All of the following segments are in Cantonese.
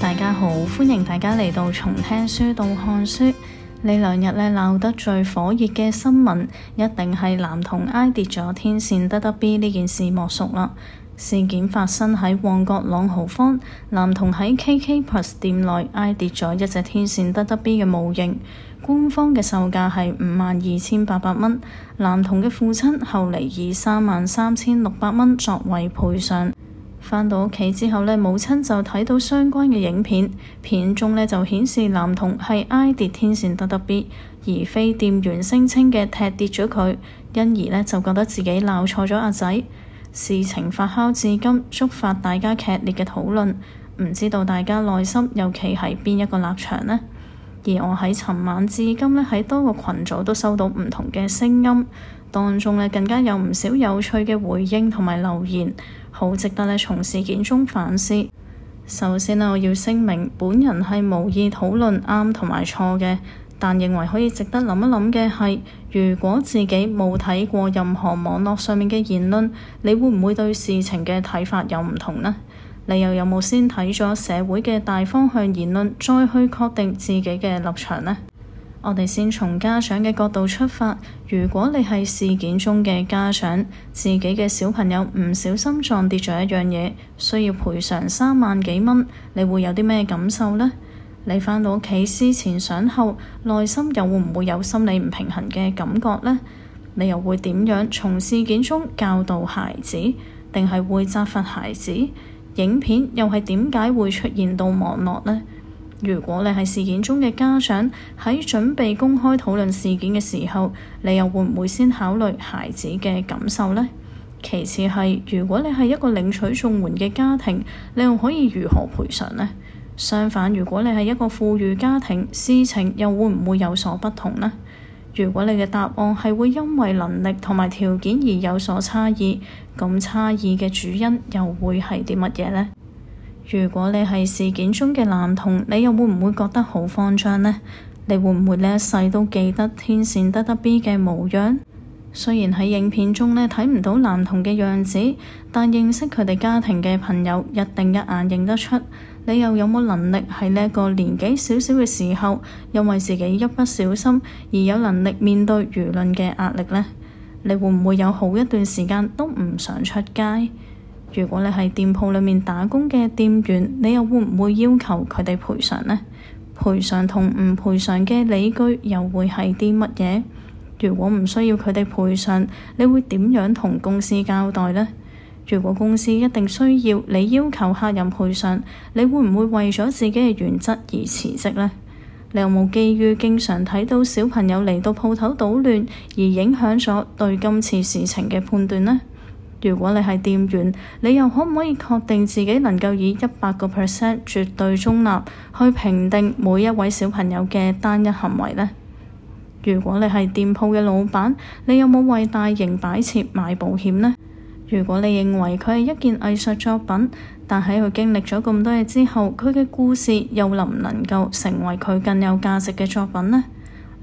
大家好，歡迎大家嚟到從聽書到看書。呢兩日咧鬧得最火熱嘅新聞，一定係男童挨跌咗天線得得 B 呢件事莫屬啦。事件發生喺旺角朗豪坊，男童喺 KK Plus 店內挨跌咗一隻天線得得 B 嘅模型，官方嘅售價係五萬二千八百蚊，男童嘅父親後嚟以三萬三千六百蚊作為賠償。返到屋企之後呢，母親就睇到相關嘅影片，片中呢，就顯示男童係挨跌天線得得 B，而非店員聲稱嘅踢跌咗佢，因而呢，就覺得自己鬧錯咗阿仔。事情發酵至今，觸發大家劇烈嘅討論，唔知道大家內心又企喺邊一個立場呢？而我喺尋晚至今呢，喺多個群組都收到唔同嘅聲音，當中呢更加有唔少有趣嘅回應同埋留言，好值得呢從事件中反思。首先呢，我要聲明，本人係無意討論啱同埋錯嘅，但認為可以值得諗一諗嘅係，如果自己冇睇過任何網絡上面嘅言論，你會唔會對事情嘅睇法有唔同呢？你又有冇先睇咗社會嘅大方向言論，再去確定自己嘅立場呢？我哋先從家長嘅角度出發。如果你係事件中嘅家長，自己嘅小朋友唔小心撞跌咗一樣嘢，需要賠償三萬幾蚊，你會有啲咩感受呢？你返到屋企思前想後，內心又會唔會有心理唔平衡嘅感覺呢？你又會點樣從事件中教導孩子，定係會責罰孩子？影片又係點解會出現到網絡呢？如果你係事件中嘅家長，喺準備公開討論事件嘅時候，你又會唔會先考慮孩子嘅感受呢？其次係，如果你係一個領取綜援嘅家庭，你又可以如何賠償呢？相反，如果你係一個富裕家庭，事情又會唔會有所不同呢？如果你嘅答案係會因為能力同埋條件而有所差異，咁差異嘅主因又會係啲乜嘢呢？如果你係事件中嘅男童，你又會唔會覺得好慌張呢？你會唔會呢一世都記得天線得得 B 嘅模樣？雖然喺影片中呢睇唔到男童嘅樣子，但認識佢哋家庭嘅朋友，一定一眼認得出。你又有冇能力喺呢個年紀少少嘅時候，因為自己一不小心而有能力面對輿論嘅壓力呢？你會唔會有好一段時間都唔想出街？如果你係店鋪裏面打工嘅店員，你又會唔會要求佢哋賠償呢？賠償同唔賠償嘅理據又會係啲乜嘢？如果唔需要佢哋賠償，你會點樣同公司交代呢？如果公司一定需要你要求客人賠償，你會唔會為咗自己嘅原則而辭職呢？你有冇基於經常睇到小朋友嚟到鋪頭搗亂而影響咗對今次事情嘅判斷呢？如果你係店員，你又可唔可以確定自己能夠以一百個 percent 絕對中立去評定每一位小朋友嘅單一行為呢？如果你係店鋪嘅老闆，你有冇為大型擺設買保險呢？如果你認為佢係一件藝術作品，但喺佢經歷咗咁多嘢之後，佢嘅故事又能唔能夠成為佢更有價值嘅作品呢？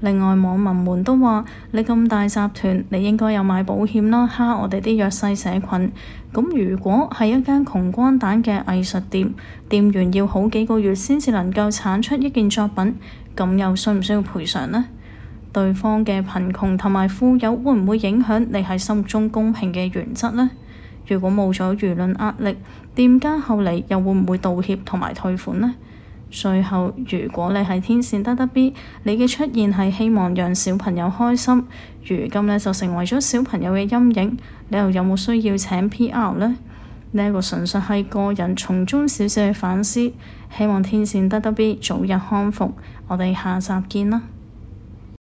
另外網民們都話：「你咁大集團，你應該有買保險啦，蝦我哋啲弱勢社群。」咁如果係一間窮光蛋嘅藝術店，店員要好幾個月先至能夠產出一件作品，咁又需唔需要賠償呢？對方嘅貧窮同埋富有會唔會影響你喺心目中公平嘅原則呢？如果冇咗輿論壓力，店家後嚟又會唔會道歉同埋退款呢？最後，如果你係天線得得 B，你嘅出現係希望讓小朋友開心，如今呢就成為咗小朋友嘅陰影，你又有冇需要請 P.R. 呢？呢、這、一個純粹係個人從中小小嘅反思，希望天線得得 B 早日康復，我哋下集見啦！